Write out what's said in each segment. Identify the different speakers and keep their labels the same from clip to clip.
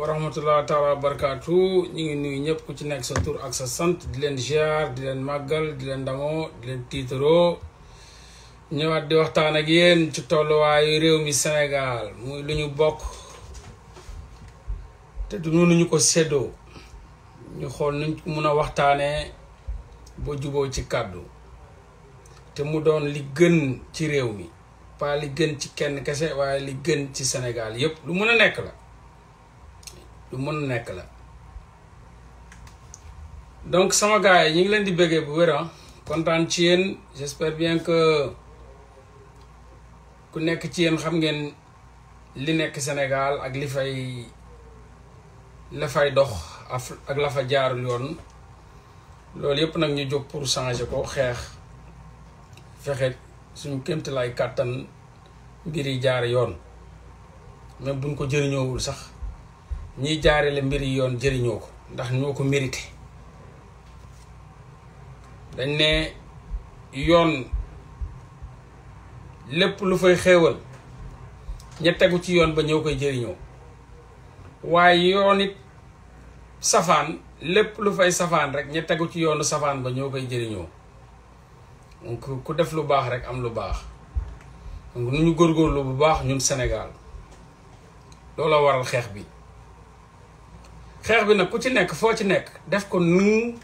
Speaker 1: warahmatullahi rahmatullahi taala barakaatu ñu ngi nuyu ñëpp ku ci nekk sa tur ak sa sant di leen ziar di leen màggal di leen ndamoo di leen tiitaroo ñëwaat di waxtaan ak yéen ci tolluwaayu réew mi Sénégal muy lu ñu te du ñu ñu ci te mu doon li gën ci mi li gën ci kenn li gën ci yépp lu la lu mën nekk la donc sama gars yi ñu ngi leen di bëggee bu wér ah. kontaan ci yéen j'espère bien que ku nekk ci yenn xam ngeen li nekk Sénégal ak li fay la fay dox ak la fa jaarul yoon loolu yëpp nag ñu jóg pour changer ko xeex suñ suñu kéemtalaay kàttan mbir yi jaar yoon mais buñ ko jëriñoowul sax. ñuy jaarale mbir yi yoon jëriñoo ko ndax ñoo ko mérité dañ ne yoon lépp lu fay xéewal ña tegu ci yoon ba ñëw koy jëriñoo waaye yoon it safaan lépp lu fay safaan rek ña tegu ci yoonu safaan ba ñoo koy jëriñoo ku def lu baax rek am lu baax nu ñu góorgóorlu bu baax ñun Sénégal looloo waral xeex bi xeex bi nag ku ci nekk foo ci nekk def ko nu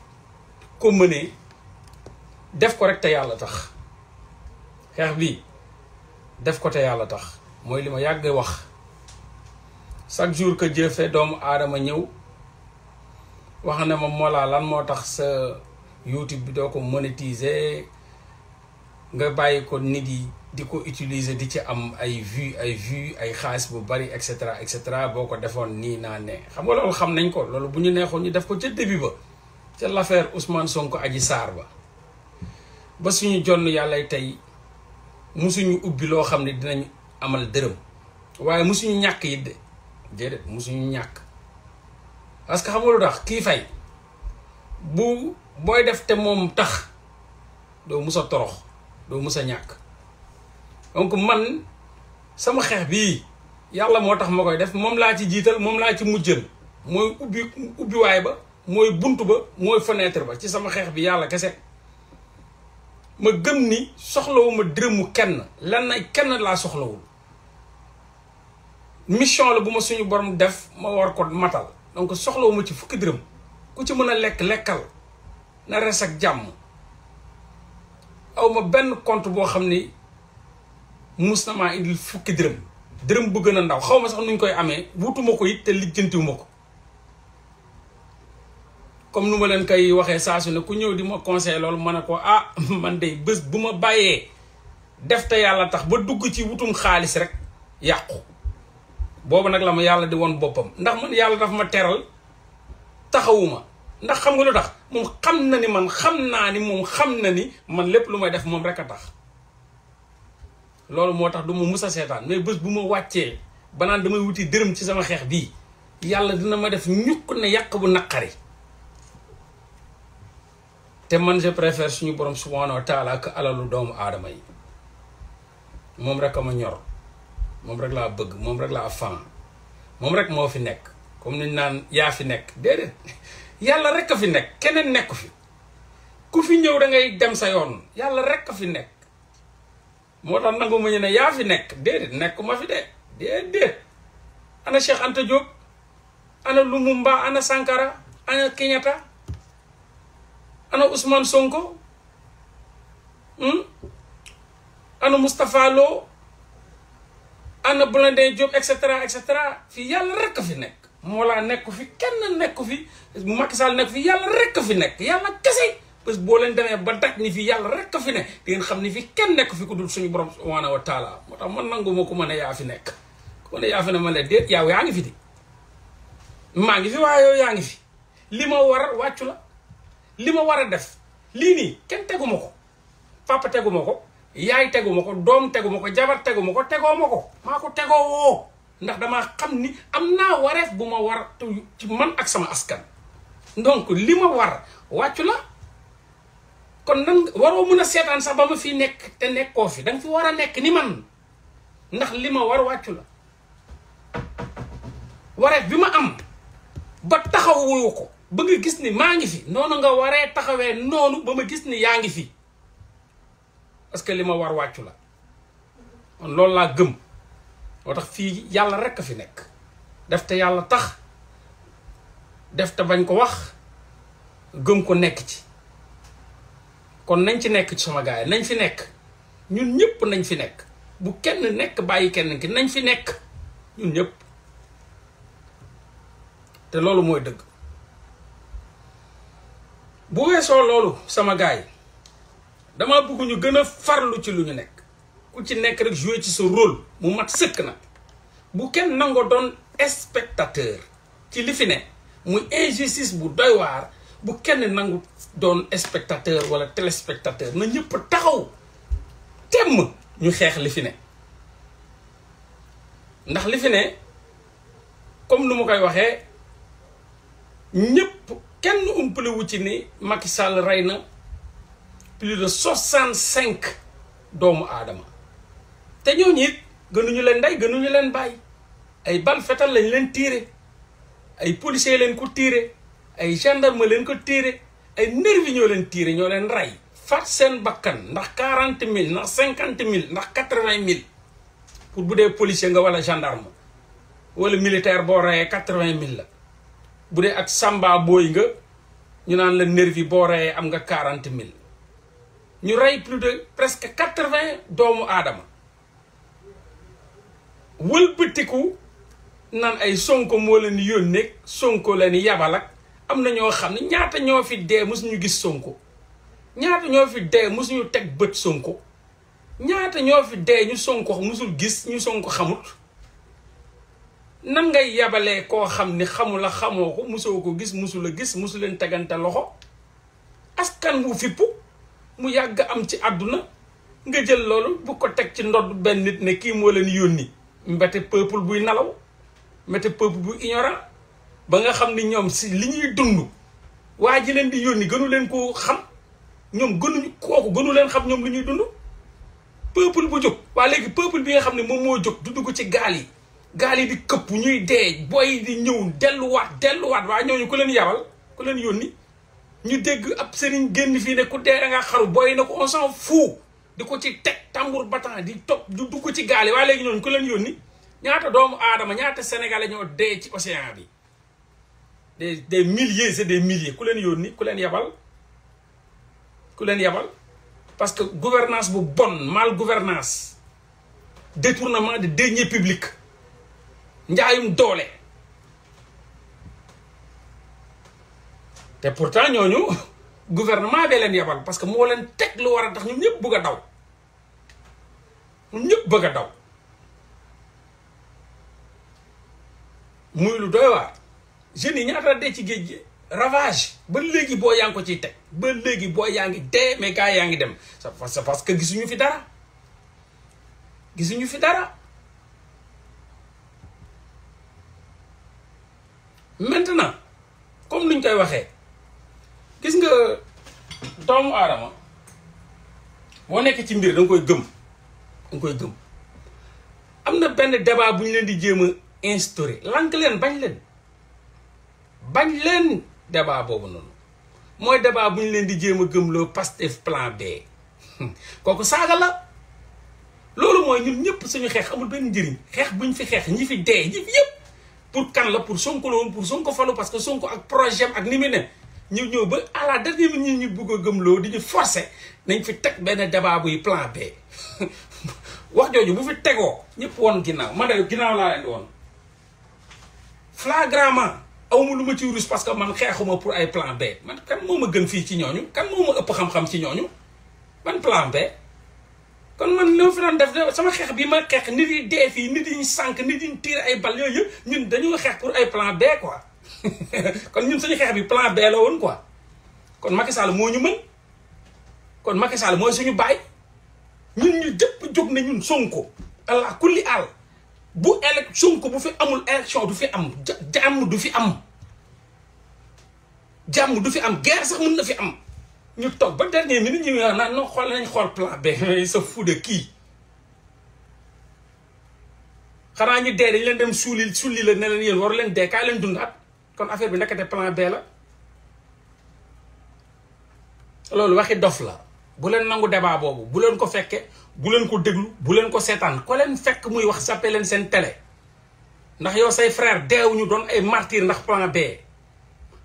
Speaker 1: ko mënee def ko rek te yàlla tax xeex bi def ko te yàlla tax mooy li ma yàgg wax chaque jour que Dieu fait doomu aadama ñëw wax ne ma Mollah lan moo tax sa YouTube bi doo ko monétiser nga bàyyi ko nit yi di ko utiliser di ci am ay vues ay vues ay xaalis bu bari et cetera et cetera boo ko defoon nii naa ne xam nga loolu xam nañ ko loolu bu ñu neexoon ñu def ko ca début ba ca l'affaire Ousmane Sonko Adji Sarr ba ba suñu jonn yàlla tey musuñu ubbi loo xam ne dinañ amal dërëm waaye musuñu ñàkk yi de déedéet musuñu ñàkk parce que xam nga lu tax kii fay bu booy def te moom tax doo mus a torox doo mus a ñàkk. donc man sama xeex bii yàlla moo tax ma koy def moom laa ci jiital moom laa ci mujjal mooy ubbi ubbiwaay ba mooy bunt ba mooy fenêtre ba ci sama xeex bi yàlla kese ma gëm ni soxlawuma dërëmu kenn lan na kenn laa soxlawul mission la bu ma suñu borom def ma war ko matal donc soxlawuma ci fukki dërëm ku ci mën a lekk lekkal na res ak jàmm aw ma benn compte boo xam ni mus na maa fukki dërëm dërëm bu gën a ndaw xaw ma sax nuñ koy amee wutuma ko it te lijjantiwuma ko comme nu ma leen koy waxee saa su ne ku ñëw di ma conseil loolu ma ne ko ah man de bës bu ma bàyyee def te yàlla tax ba dugg ci wutum xaalis rek yàqu boobu nag la ma yàlla di woon boppam ndax man yàlla dafa ma teral taxawuma ndax xam nga lu tax moom xam na ni man xam naa ni moom xam na ni man lépp lu may def moom rek a tax loolu moo tax du ma mus a seetaan mais bés bu ma wàccee banaan damay wuti dërëm ci sama xeex bii yàlla dina ma def ñukk na yàq bu naqari te man je préfère suñu borom subhanahu wa taala ak alalu doomu aadama yi moom rek a ma ñor moom rek laa bëgg moom rek laa fan moom rek moo fi nekk comme ni naan yaa fi nekk déedéet yàlla rek a fi nekk keneen nekku fi ku fi ñëw dangay dem sa yoon yàlla rek a fi nekk moo tax nangu mu ñu ne yaa fi nekk déedéet nekkuma fi de déedéet ana Cheikh Anta Diop ana Lumumba ana Sankara ana Kenyatta ana Ousmane Sonko hmm? ana Moustapha Lo ana Blondin Diop et cetera et cetera fii yàlla rekk fi nekk moo laa nekku fi kenn nekk fi Macky Sall nekk fi yàlla rekk fi nekk yàlla kese bés boo leen demee ba fi yàlla rek ka fi ne di xam ni fi kenn nekk fi dul suñu borom subhaanahu wa taala man nangu ko mën a yaa fi nekk ku ne ma ne yaa ngi fi di maa ngi fi yaa ngi fi li ma war wàccu la li ma war a def lii nii kenn tegu ma ko papa tegu tegu ma ko doom tegu ko jabar tegu ko tegoo ma ko maa ko tegoo ndax damaa xam ni am naa wareef bu ma war ci man ak sama askan donc li ma war wàccu la kon nan waroo mën a seetaan sax ba ma fi nekk te nekkoo fi danga fi war a nekk ni man ndax li ma war wàccu la wareef bi ma am ba taxawuwu ko ba nga gis ni maa ngi fi noonu nga waree taxawee noonu ba ma gis ni yaa ngi fi parce que li ma war wàccu la kon loolu laa gëm moo tax fii yàlla rekk a fi nekk def te yàlla tax def te bañ ko wax gëm ko nekk ci kon nañ ci nekk ci sama gars yi nañ fi nekk ñun ñëpp nañ fi nekk bu kenn nekk bàyyi kenn ki nañ fi nekk ñun ñëpp te loolu mooy dëgg bu weesoo loolu sama gaa yi dama bëgg ñu gën a farlu ci lu ñu nekk ku ci nekk rek jouer ci sa rôle mu mat sëkk nag bu kenn nangoo doon spectateur ci li fi ne muy injustice bu doy waar bu kenn nangu doon spectateur wala téléspectateur na ñëpp taxaw temm ñu xeex li fi ne ndax li fi comme nu ma koy waxee ñëpp kenn umpale wu ci ni Macky Sall rey na plus de soixante cinq doomu aadama te ñooñu it gënuñu leen ndey gënuñu leen bàyyi ay ban fetal lañ leen tiire ay policiers leen ko tiire ay gendarme leen ko téere ay nervi ñoo leen tiire ñoo leen rey faat seen bakkan ndax quarante mille ndax cinquante mille ndax quatre-vingt mille pour bu dee policier nga wala gendarme wala militaire boo reyee quatre-vingt mille la bu dee ak samba booy nga ñu naan la nervi boo reyee am nga quarante mille ñu rey plus de presque quatre-vingt doomu aadama wëlbatiku naan ay sonko moo leen yónneeg sonko leen yabalak am na ñoo xam ne ñaata ñoo fi dee mosuñu gis sonko ñaata ñoo fi dee mosuñu teg bët sonko ñaata ñoo fi dee ñu sonko mosul gis ñu sonko xamut nan ngay yabalee koo xam ni xamula xamoo ko mosoo ko gis mosu la gis mosu leen tegante loxo askan wu fippu mu yàgg am ci àdduna nga jël loolu bu ko teg ci ndodd benn nit ne kii moo leen yónni mbete peuple buy nalaw mbete peuple buy ignorant ba nga xam ni ñoom si li ñuy dund waa ji leen di yónni gënu leen ko xam ñoom gënuñu kooku gënu leen xam ñoom li ñuy dund peuple bu jóg waa léegi peuple bi nga xam ne moom moo jóg du dugg ci gaal yi gaal yi di këpp ñuy dee booy di ñëw delluwaat delluwaat waa ñooñu ku leen yabal ku leen yónni ñu dégg ab sëriñ génn fii ne ku dee da nga na ko on s'en fout di ko ci teg tambour battant di topp du dugg ci gaal yi waa léegi ñooñu ku leen yónni ñaata doomu aadama ñaata sénégalais ñoo dee ci océan bi des des milliers c'est des milliers vous leen yónni ku ce que ku leen yebal parce que la gouvernance bu bonne, mal gouvernance détournement de deniers publics njaayum dolé. Et pourtant nous, le gouvernement est là. parce que nous avons teg lu wara là. Nous ñun ñëpp bëgg a daw ñun ñëpp daw jeunes yi ñaata la ci géej gi ravage ba léegi boo yaa ngi ko ciy teg ba léegi boo yaa ngi dee mais yaa ngi dem c'est parce que gisuñu fi dara gisuñu fi dara maintenant comme nuñ koy waxee gis nga doomu aadama boo nekk ci mbir danga koy gëm danga koy gëm am na benn débat bu ñu leen di jéem a instaurer lank leen bañ leen bañ leen débat boobu noonu mooy débat bu ñu leen di jéem a gëmloo Pastef plan B kooku saaga la loolu mooy ñun ñëpp suñu xeex amul benn njëriñ xeex buñ fi xeex ñi fi dee ñi fi yëpp pour kan la pour Sonko la woon pour Sonko falu parce que Sonko ak projet ak ni ñu ñëw ba à la dernière ñu ñu bugg a gëmloo di ñu forcer nañ fi teg benn débat buy plan B wax jooju bu fi tegoo ñëpp woon ginnaaw man de ginnaaw laa leen woon awma lu ma ci rus parce que man xeexuma pour ay plan B man kan moo ma gën fii ci ñooñu kan moo ma ëpp xam-xam ci ñooñu man plan B kon man loo fi doon def sama xeex bi ma xeex nit yi dee fii nit yi ñu sànq nit yi ñu tiir ay bal yooyu yëpp ñun dañoo xeex pour ay plan B quoi kon ñun suñu xeex bi plan B la woon quoi kon Macky Sall moo ñu mën kon Macky Sall mooy suñu baay ñun ñu jëpp jóg na ñun Sonko allah kulli àll bu élec Sonko bu fi amul élection du fi am jàmm du fi am jàmm du fi am guerre sax mën na fi am ñu toog ba dernier minute ñu wax naan non xool nañ xool plan B sa fuuda kii xanaa ñi dee dañ leen dem suuli suuli la ne leen yéen waru leen dee kaay leen dundaat kon affaire bi nekkate plan B la loolu waxi dof la bu leen nangu débat boobu bu leen ko fekkee bu leen ko déglu bu leen ko seetaan ko leen fekk muy wax sappe leen seen télé ndax yow say frère ñu doon ay martyr ndax plan B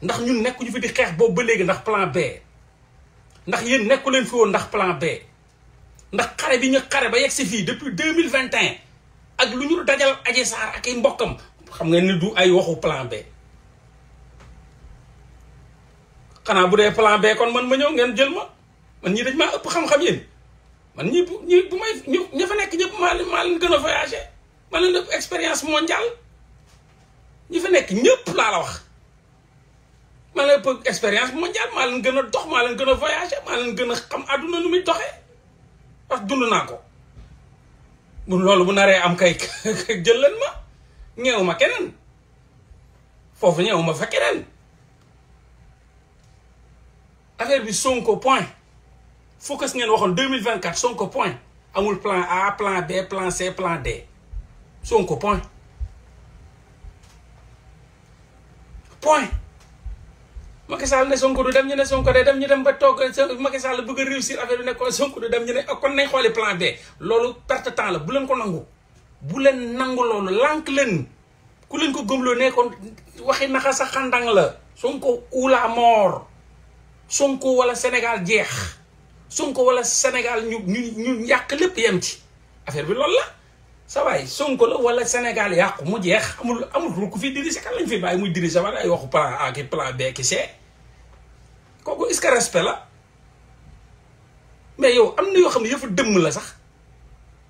Speaker 1: ndax ñu nekkuñu fi di xeex boobu ba léegi ndax plan B ndax yéen nekku leen fi woon ndax plan B ndax xare bi ñu xare ba yegg si fii depuis deux mille vingt et ak lu ñu dajal Adji Sarr ak ay mbokkam xam nga ni du ay waxu plan B xanaa bu dee plan B kon man ma ñëw ngeen jël ma man ñii dañ maa ëpp xam-xam yéen man ñii bu ñii bu may ñu fa nekk ñëpp maa leen gën a voyagé maa leen ëpp expérience mondiale ñi fa nekk ñëpp laa la wax maa leen ëpp expérience mondiale maa leen gën a dox maa leen gën a voyage maa leen gën a xam àdduna nu muy doxee wax dund naa ko mun loolu bu naree am kay jël leen ma ñeewu ma keneen foofu ñeewu ma fa keneen affaire bi Sonko point focus ngeen waxoon 2024 Sonko point amul plan A plan B plan C plan D Sonko point point Macky Sall ne Sonko du dem ñu ne Sonko de dem ñu dem ba toog Macky Sall bëgg a réussir affaire bi ne ko Sonko du dem ñu ne kon nañ xooli plan B loolu perte temps la bu leen ko nangu bu leen nangu loolu lànk leen ku leen ko gëmloo ne kon waxi naxa sa xandang la Sonko ou la mort Sonko walla Sénégal jeex Sonko wala Sénégal ñu ñu ñu yàq lépp yem ci affaire bi loolu la sa waay Sonko la wala Sénégal yàqu mu jeex amul amul ku fi dirigé kan lañ fi bàyyi muy dirigé wala ay waxu plan ak ki plan B ki kooku est que respect la mais yow am na yoo xam ne yëfu dëmm la sax.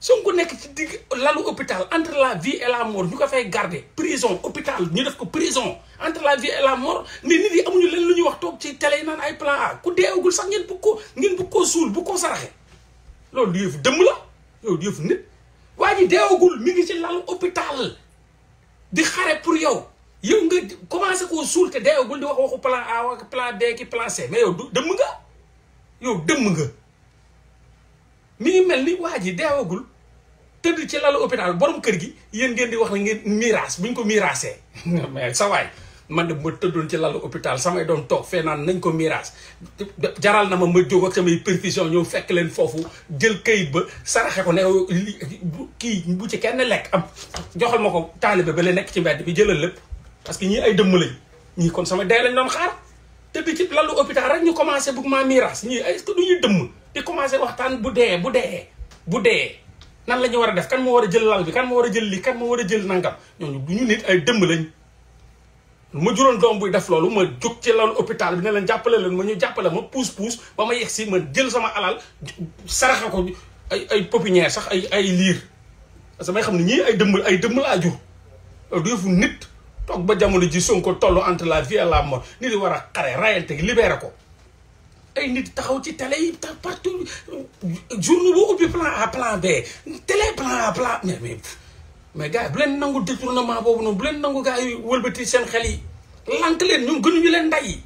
Speaker 1: Sonko nekk ci digg lalu hôpital entre la vie et la mort ñu ko fay garder prison hôpital ñu def ko prison entre la vie et la mort mais nit yi amuñu leen lu ñuy wax toog ci télé yi naan ay plan A ku deewagul sax ngeen bugg ko ngeen bugg koo suul bugg koo saraxe loolu du yëfu dëmm la loolu du yëfu nit waa ñi deewagul mi ngi ci lalu hôpital di xare pour yow yow nga commencé koo suul te deewagul di wax waxu plan A wax plan B ki plan C mais yow du dëmm nga yow dëmm nga. mi ngi mel ni waa ji deewagul tëdd ci lalu hôpital borom kër gi yéen ngeen di wax ne ngeen miraas bu ñu ko miraasee mais sa waay man de ma tëddoon ci lalu hôpital samay doon toog fee naan nañ ko miraas jaral na ma ma jóg ak samay perfusion ñëw fekk leen foofu jël kayit ba saraxe ko ne kii bu ci kenn lekk am joxal ma ko taalibe ba la nekk ci mbedd bi jëlal lépp parce que ñii ay dëmm lañ ñii kon sama dee lañ doon xaar tëdd ci lalu hôpital rek ñu commencé bugg maa miraas ñii ay est du ñuy dëmm di commencé waxtaan bu dee bu dee bu dee nan lañu wara def kan mo wara jël lal bi kan mo wara jël li kan mo wara jël nangam ñoo du ñu nit ay dëmb lañ ma juróon doom buy def loolu ma jóg ci loolu hôpital bi ne leen jàppale leen ma ñu jàppale ma ba ma ma jël sama alal saraxa ko ay ay pépinière sax ay ay liir parce que may xam ne ñii ay dëmb ay dëmb laa jur du yëfu nit toog ba jamono ji Sonko toll entre la vie et la mort ni di war a xare rayante gi libéré ko ay nit taxaw ci télé yi partout journée boo ubbi plan A plan B télé plan A plan mais mais mais yi bu leen nangu détournement boobu noonu bu leen nangu gars yi wëlbati seen xel yi lank leen ñun gënuñu leen nday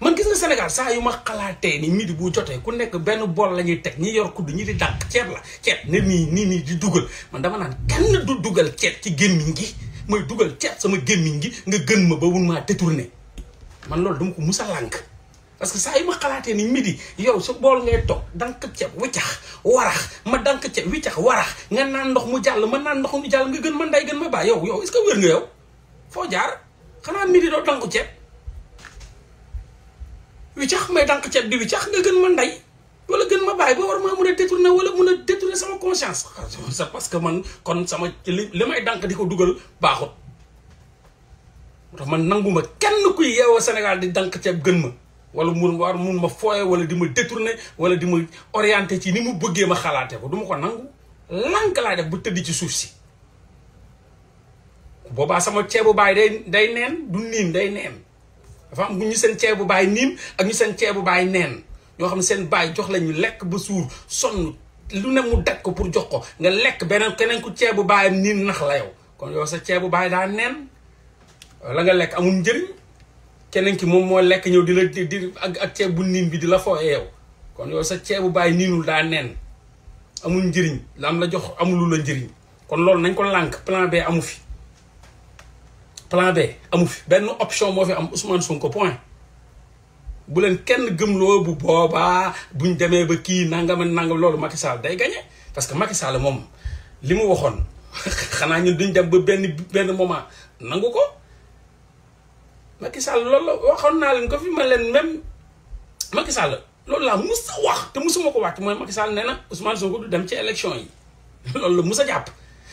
Speaker 1: man nga Sénégal saa yu ma xalaatee ni midi bu jotee ku nekk benn bool la ñuy teg ñi yor kudd ñi di dànk ceeb la ceeb ne nii nii nii di dugal man dama naan kenn du dugal ceeb ci gémmiñ gi ma dugal ceeb sama gémmiñ gi nga gën ma ba wun maa détourné man loolu dama ko musa lànk parce que saa ma ni midi yow su bol ngay tok dank ci wutax warax ma dank ci wutax warax nga nan ndox mu jall ma nan ndox mu jall nga gën ma nday gën ma ba yow yow est ce que wër nga yow fo jaar xana midi do dank ci wutax may dank ci di wutax nga gën ma nday wala gën ma bay ba war ma mëna détourner wala mëna détourner sama conscience c'est parce que man kon sama limay dank diko duggal baxut dugal man nanguma kenn kuy yeewoo Sénégal di dank kecap gën ma wala mun war mun ma fooye wala di ma détourner wala di ma orienté ci ni mu bëggee ma xalaatee ko duma ko nangu lank laa def bu tëdd ci suuf si boobaa sama ceebu baay day neen du niin day neen dafa am ñu seen ceebu baay niin ak ñu seen ceebu baay neen ñoo xam seen baay jox lañuy lekk ba suur sonn lu nekk mu daj ko pour jox ko nga lekk beneen keneen ku ceebu baayam niin nax la yow kon yow sa ceebu baay daa neen la nga lekk amul njëriñ kenen ki moom moo lek ñew di la di ak ak bu nin bi di la foo eh yow kon yow sa ceebu bàyyi niinul daa neen amul njëriñ lam la jox lu la njëriñ kon lool nañ ko lank plan B amu fi plan B amu fi ben option mo fi am Ousmane Sonko point bu len kenn lo bu boba buñ demee ba ki nangam nangam lool Macky Sall day gagné parce que Macky Sall mom limu mu xana ñu duñ dem ba ben ben moment nanguko Macky sàll loolu la waxoon naa leen ko fi ma leen même Macky sàll loolu laa mus a wax te musuma ko wàcc mooy Macky Sall nee na Ousmane Sonko du dem ci élection yi loolu la mus a jàpp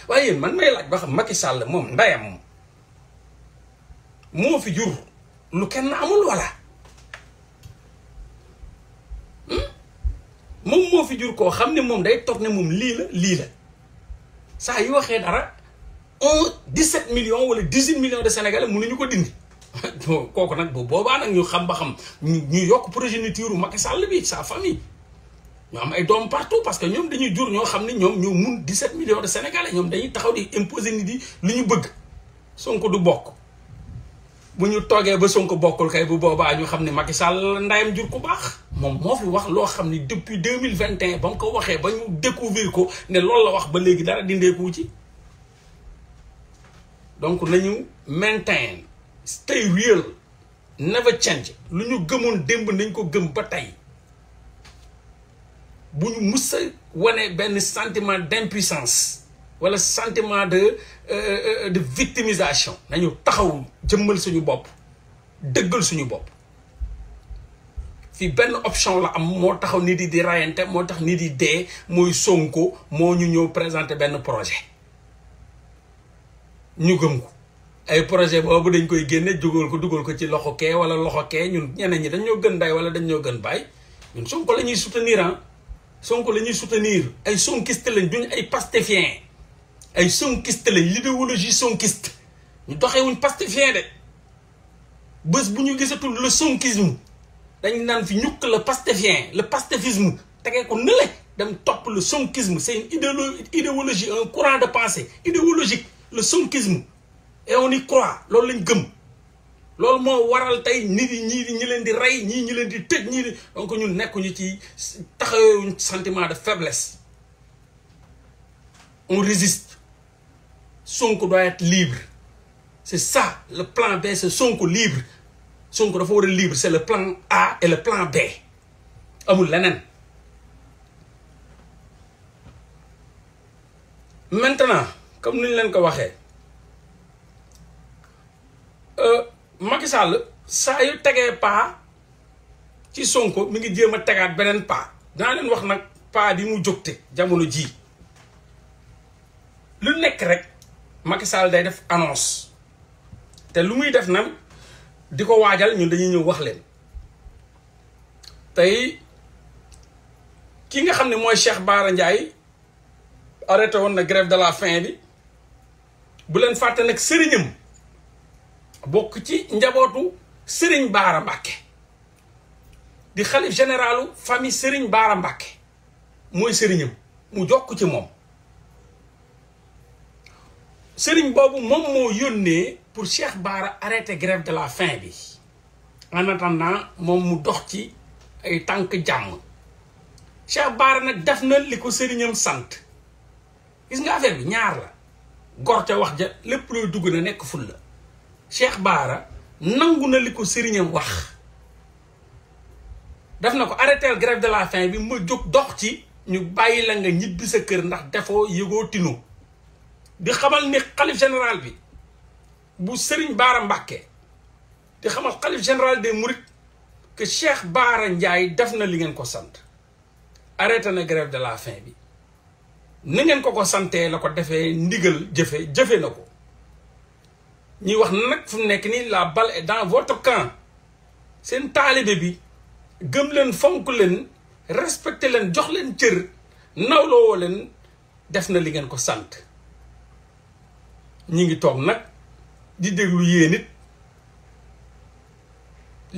Speaker 1: waaye man may laaj ba xam Macky Sall moom ndeyam fi jur lu kenn amul wala hmm? moom moo fi jur koo xam ne moom day toog ne moom lii la lii la saa yu waxee dara un 17 millions wala 18 millions de Sénégalais ñu ko dindi. kooku nag bu boobaa nag ñu xam ba xam ñu yokk progéniture Macky Sall bi sa famille ñu am ay doom partout parce que ñoom dañuy jur ñoo xam ne ñoom ñoo mun 17 millions de sénégalais ñoom dañuy taxaw di imposer nit yi lu ñu bëgg Sonko du bokk bu ñu toogee ba Sonko bokkul kay bu boobaa ñu xam ne Macky Sall ndayam jur ku baax moom moo fi wax loo xam ne depuis 2021 ba mu ko waxee ba ñu découvrir ko ne loolu la wax ba léegi dara dindeeku ci donc nañu maintain stay real never change lu ñu gëmoon démb nañ ko gëm ba tey bu ñu mus a wane benn sentiment d'impuissance wala sentiment de euh, euh, de victimisation nañu taxaw jëmmal suñu bopp dëggal suñu bopp fii benn option la am moo taxaw nit yi di rayante moo tax nit yi dee mooy Sonko moo ñu ñëw présenter benn projet ñu gëm ko ay projet bobu dañ koy génne jógal ko dugal ko ci loxo wala loxo ñun gën wala gën ñun soutenir hein Sonko soutenir ay sonkiste lañ duñ ay pastéfien ay sonkiste lañ l'idéologie sonkiste ñu wuñ pastéfien dé le sonkisme dañ fi ñukk le pastéfien le pastéfisme ko le sonkisme c'est une idéologie un courant de pensée idéologique le sonkisme et on y croit loolu lañ gëm lolou mo waral tay nit ni ni ñi leen di ray ñi ñi leen di tej donc ñun nekkuñu ci taxawuñ sentiment de faiblesse on résiste Sonko doit être libre c'est ça le plan B c'est Sonko libre Sonko dafa être libre c'est le plan A et le plan B amul lenen maintenant comme nous ñu dit, Euh, Macky Sall saa yu tegee paa ci Sonko mu ngi jéem a tegaat beneen paa dinaa leen wax nag paa bi mu jógte jamono jii lu nekk rek Macky Sall day def annonce te lu muy def nag di ko waajal ñu dañuy ñëw wax leen tey ki nga xam ne mooy Cheikh Bara Ndiaye arrêté woon na grève de la faim bi bu leen fàtte nag sëriñam bokk ci njabootu Serigne bara Mbàkke di xalif généralu famille Serigne bara Mbàkke moy sëriñam mu jokk ci mom serigne bobu mom mo yonne pour Cheikh bara arrêter grève de la faim bi en attendant mom mu dox ci ay tank jam Cheikh bara nak def na liko ko sëriñam sant gis nga affaire bi ñaar la gorté wax ja lepp looy dugg na nek ful la Cheikh Baara nangu na li ko sëriñam wax def na ko arrêtel grève de la fin bi ma jóg dox ci ñu bàyyi la nga ñibbi sa kër ndax defoo yëgoo tino di xamal ni xalif général bi bu sëriñ Baara Mbàkke di xamal xalif général des Mourides que Cheikh Baara Ndiaye def na li ngeen ko sant arrêté na grève de la fin bi ni ngeen ko ko santee la ko defee ndigal jëfe jëfe na ko ñuy wax nag fu mu nekk nii la balle est dans votre camp seen taalibe bi gëm leen fonk leen respecté leen jox leen cër nawloo woo leen def na li ngeen ko sant ñu ngi toog nag di déglu yéen it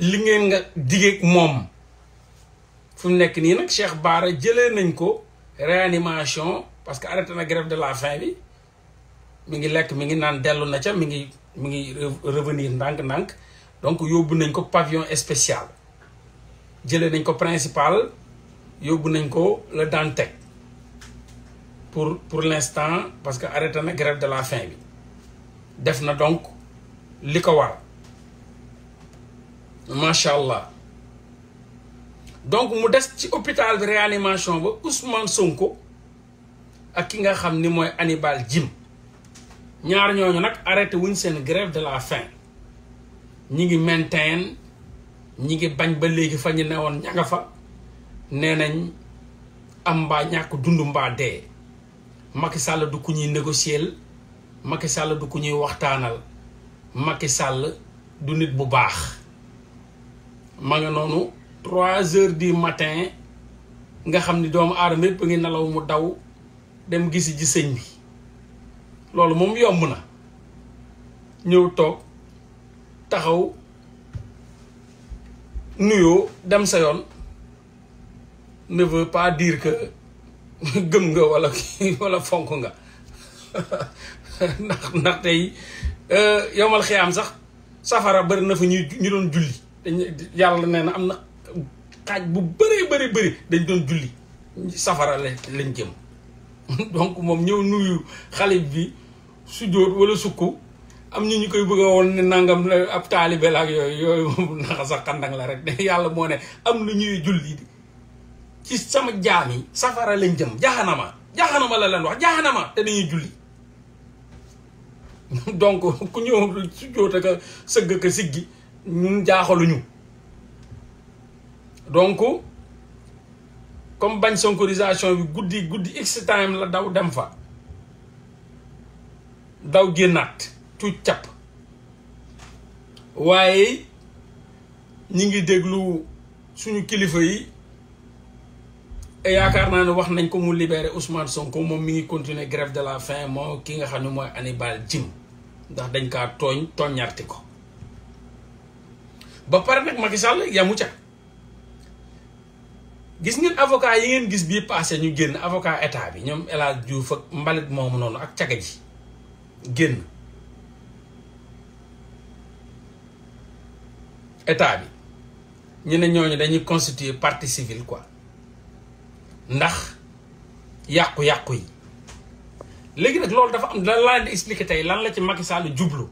Speaker 1: li ngeen nga digeeg moom fu nekk nii nag Cheikh Bara jële nañ ko réanimation parce que arrêté na grève de la faim bi mu ngi lekk mi ngi naan dellu na ca mi ngi mingi revenir ndànk-ndànk donc yóbbu nañ ko pavillon spécial jëlee nañ ko principal yóbbu nañ ko le Dantec pour pour l'instant parce que arrêté na grève de la faim bi def na donc liko ko war macha allah donc mu dess ci hôpital de réanimation ba Ousmane Sonko ak ki nga xamni moy mooy Djim ñaar ñooñu nag arrêté wuñ seen grève de la faim ñi ngi maintain ñi ngi bañ ba léegi fa ñu ne woon ñanga fa nee nañ am mbaa ñàkk dund mbaa dee Macky Sall du ku ñuy négocier Macky Sall du ku ñuy waxtaanal Macky sàll du nit bu baax ma nga noonu trois heures du matin nga xam ni doomu aadama yëpp a ngi nelaw mu daw dem gisi ji sëñ bi loolu moom yomb na ñëw toog taxaw nuyoo dem sa yoon ne veut pas dire que gëm nga walla walla fonk nga ndax ndax tey euh, yomal xiyaam sax safara bari na fa ñu doon julli dañ yàlla nee na am na xaaj bu bëree bëri bëri dañ doon julli safara lañ jëm donc moom ñëw nuyu xalif bi sujjóot wala sukk am ñu ñu koy bëgg a woon ne nangam ab taalibe la ak yooyu yooyu moom naxa la rek yàlla moo ne am na ñuy julli ci sama jaam yi safara lañ jëm jaxanama jaxanama la leen wax jaxanama te dañuy julli donc ku ñëw sujjóot ak sëgg ak siggi ñun jaaxaluñu donc comme bañ sonkorisation bi guddi guddi x la daw dem fa daw génnaat tuuti capp waaye ñu ngi déglu suñu kilifa yi yaakaar naa ne wax nañ ko mu libéré Ousmane Sonko moom mi ngi continuer grève de la fin moo ki nga xam ne mooy Hannibal Djim ndax dañ kaa tooñ tooññarti ko ba pare nag Macky Sall yamu ca gis ngeen avocat yi ngeen gis bii passé ñu génn avocat état bi ñoom El Hadj ak mbalit moomu noonu ak caga ji génn état bi ñu ne ñooñu dañuy constituer parti civile quoi ndax yàqu-yàqu yi léegi nag loolu dafa am lan la leen di expliquer tey lan la ci Macky Sall jublu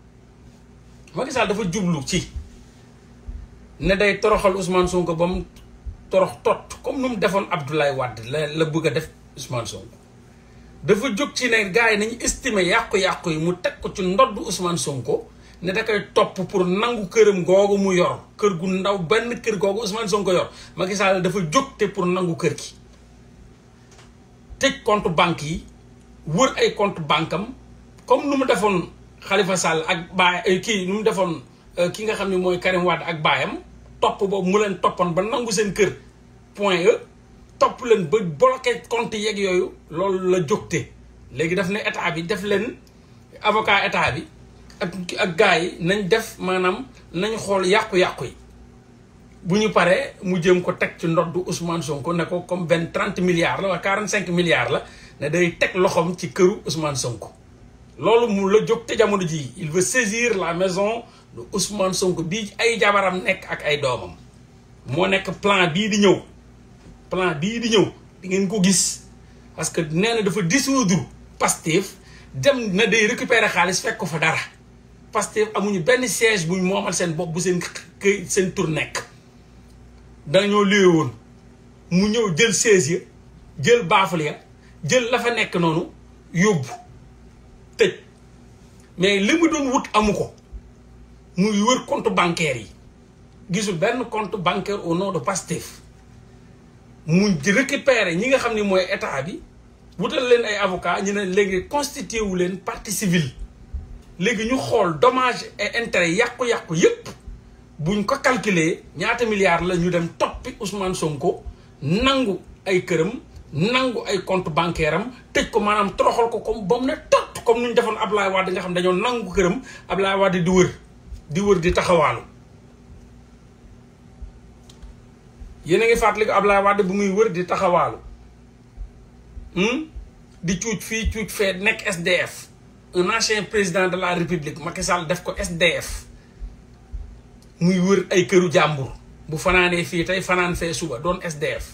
Speaker 1: Macky Sall dafa jublu ci ne day toroxal Ousmane Sonko ba mu torox tot comme nu mu defoon Abdoulaye Wade la la bëgg a def Ousmane Sonko. dafa jóg ci ne gars yi nañu estimer yàqu-yàqu yi mu teg ko ci ndodd Ousmane Sonko ne da topp pour nangu këram googu mu yor kër gu ndaw benn kër googu Ousmane Sonko yor Macky Sall dafa jóg te pour nangu kër gi tëj compte banque yi wër ay compte banque am comme nu mu defoon xalifa sàll ak baay euh, kii nu mu defoon euh, ki nga xam ne mooy Karim Wade ak baayam topp boobu mu leen toppoon ba nangu seen kër point E topp leen bët bloqué compte yeeg yooyu loolu la jógte léegi daf na état bi def leen avocat état bi ak ak gars yi nañ def maanaam nañ xool yàqu-yàqu yi bu ñu paree mu jëm ko teg ci ndodd Ousmane Sonko ne ko comme benn trente milliards la wala quarante cinq milliards la ne day teg loxoom ci këru Ousmane Sonko loolu mu la jóg te jamono jii il veut saisir la maison de Ousmane Sonko bii ay jabaram nekk ak ay doomam moo nekk plan bii di ñëw plan bii di ñëw di ngeen ko gis parce que nee na dafa dissoudre Pastef dem na day récupérer xaalis fekk ko fa dara Pastef amuñu benn siège buñ moomal seen bopp bu seen këy seen tur nekk dañoo luye woon mu ñëw jël siège ya jël baaful ya jël la fa nekk noonu yóbbu tëj mais li mu doon wut amu ko muy wër compte bancaire yi gisul benn compte bancaire au nom de Pastef mu récupérer ñi nga xam ni mooy état bi wutal leen ay avocat ñu ne léegi constitué wu leen parti civile léegi ñu xool dommage et intérêt yàqu-yàqu yépp buñ ko calculer ñaata milliards la ñu dem toppi Ousmane Sonko nangu ay këram nangu ay compte bancaire am tëj ko maanaam toroxal ko comme ba mu ne tot comme nu ñu defoon Ablaye Wade nga xam dañoo nangu këram Ablaye Wade di wër di wër di taxawaalu yéen a ngi fàttaliku Ablaye Wade bu muy wër di taxawaalu hmm? di cuuj fii cuuj fee nekk SDF un ancien président de la république Macky Sall def ko SDF muy wër ay këru jàmbur bu fanaanee fii tey fanaan fee suba doon SDF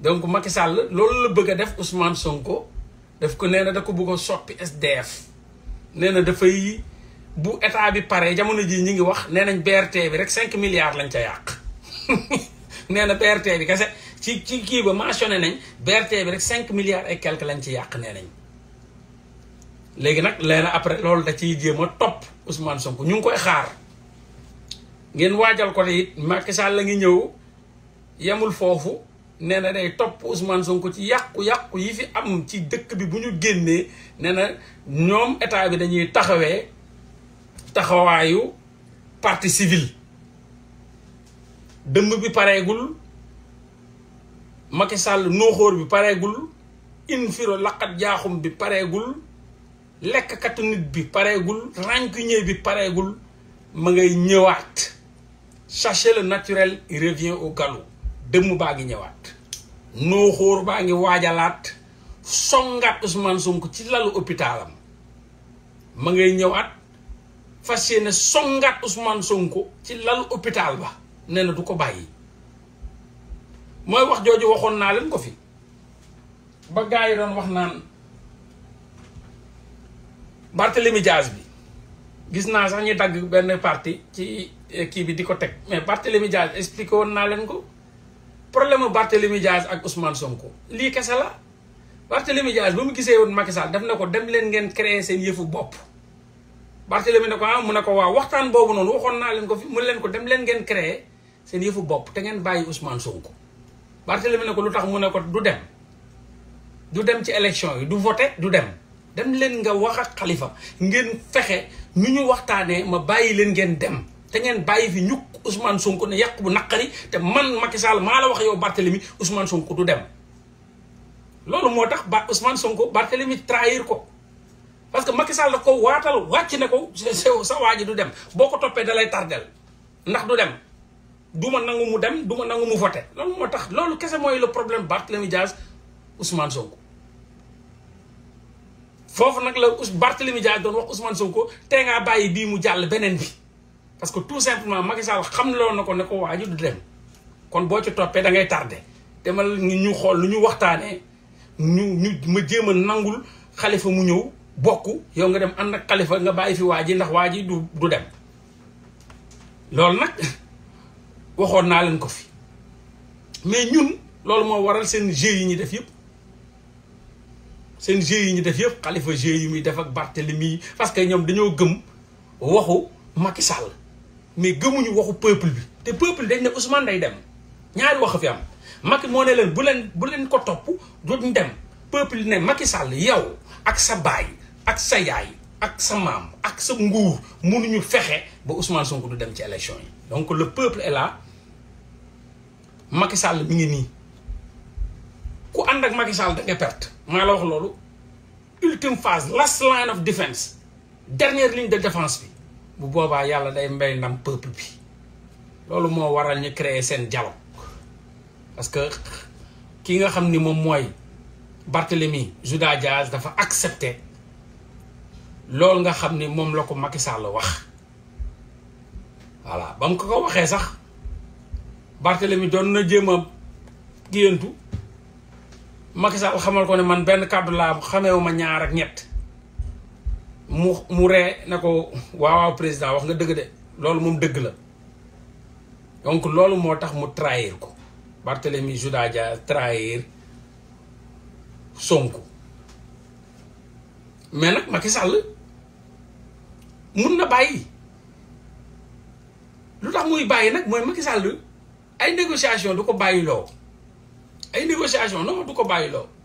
Speaker 1: donc Macky Sall loolu la bëgg a def Ousmane Sonko daf ko nee da ko soppi SDF nee na dafay bu état bi pare jamono ji ñi ngi wax nee nañ BRT bi rek 5 milliards lañ ca yàq nee na BRT bi kese ci ci kii ba mentionné nañ BRT bi rek cinq milliards et quelque lañ ci yàq nee nañ léegi nag leena après loolu da ciy jéem a topp Ousmane Sonko ñu ngi koy xaar ngeen waajal ko it Macky la ngi ñëw yemul foofu nee na day topp Ousmane Sonko ci yàqu-yàqu yi fi am ci dëkk bi bu ñu génnee nee na ñoom état bi dañuy taxawee taxawaayu partie civile dëmm bi pareegul Macky Sall nooxóor bi pareegul infiro laqat jaaxum bi pareegul lekkkatu nit bi pareegul rancunier bi pareegul ma ngay ñëwaat chercher le naturel il revient au galop dëmm baa ngi ñëwaat nooxóor baa ngi waajalaat songaat Ousmane Sonko ci lalu hôpitalam ma ngay ñëwaat fas yéene songaat Ousmane Sonko ci lalu hôpital ba nee na du ko bàyyi mooy wax jooju waxoon naa leen ko fi ba gars yi doon wax naan Barthélemy Diaz bi gis naa sax ñu dagg benn parti ci eh, kii bi di ko teg mais Barthélemy Diaz expliqué woon naa leen ko problème mu Barthélemy Diaz ak Ousmane ko lii kese la Barthélemy Diaz ba mu gisee woon Macky Sall daf ne ko dem leen ngeen créer seen yëfu bopp. Barthélemy ne ko ah mu ne ko waaw waxtaan boobu noonu waxoon naa leen ko fi mu leen ko dem leen ngeen créer seen yeufu bop te ngeen bàyyi Ousmane Sonko Barthélemy ne ko lutax mu ne ko du dem du dem ci élection yi du voter du dem dem leen nga wax ak khalifa ngeen fexé ñu ñu waxtaanee ma bàyyi leen ngeen dem te ngeen bàyyi fi ñuk Ousmane Sonko ne yàq bu nakari te man Macky Sall ma la wax yow Barthélemy Ousmane Sonko du dem lolu motax ba Ousmane Sonko Barthélemy trahir ko parce que Macky Sall da ko watal wacc ne ko sa waji du dem Boko topé dalay tardel ndax du dem duma nangumu mu dem duma nangu mu voté loolu moo tax loolu kese le problème Barthélemy Diaz Ousmane Sonko foofu nag la Barthélemy Diaz don wax Ousmane Sonko tey nga bàyyi bi mu jall benen bi parce que tout simplement Macky Sall xam lo nako nako ne ko waaju du dem kon bo ci topé da ngay tardé demal ñu xol lu ñu waxtané ñu ñu ma jema nangul khalifa mu ñew bokku yow nga dem and ak khalifa nga bàyyi fi waji ndax waji du du dem nak waxoon naa leen ko fi mais ñun loolu moo waral seen jeu yi ñu def yëpp seen jeu yi ñu def yëpp xalifa jeu yi muy def ak Barthélemy parce que ñoom dañoo gëm waxu Macky sàll mais gëmuñu waxu peuple bi te peuple dañ ne Ousmane day dem ñaari wax fi am Macky moo ne leen bu leen bu ko topp duñ dem peuple ne Macky sàll yow ak sa baay ak sa yaay ak sa maam ak sa nguur mënuñu fexe ba Ousmane Sonko du dem ci élection yi donc le peuple est là Macky Sall mi ngi nii ku ànd ak Macky Sall ma nga la wax loolu ultime phase last line of defense dernière ligne de défense bi bu boobaa yàlla day mbay ndam peuple bi loolu moo waral ñu créer seen dialogue parce que ki nga xam ni moom mooy Barthélemy Juda Diaz dafa accepter loolu nga xam ni moom la ko Macky Sall wax voilà ba mu ko ko waxee sax Barthélemy don na jema a Macky Sall xamal ko ne man ben kàddu la xamewuma ñaar ak ñet mu mu ré ne ko waawaaw président wax nga deug de loolu moom deug la donc loolu motax mu trahir ko Barthélemy Juda Dia trahir Sonko mais nak Macky Sall mën na bayyi lu muy bàyyi nak Macky Sall ay négociation du ko bàyyiloo ay négociation non du ko bàyyiloo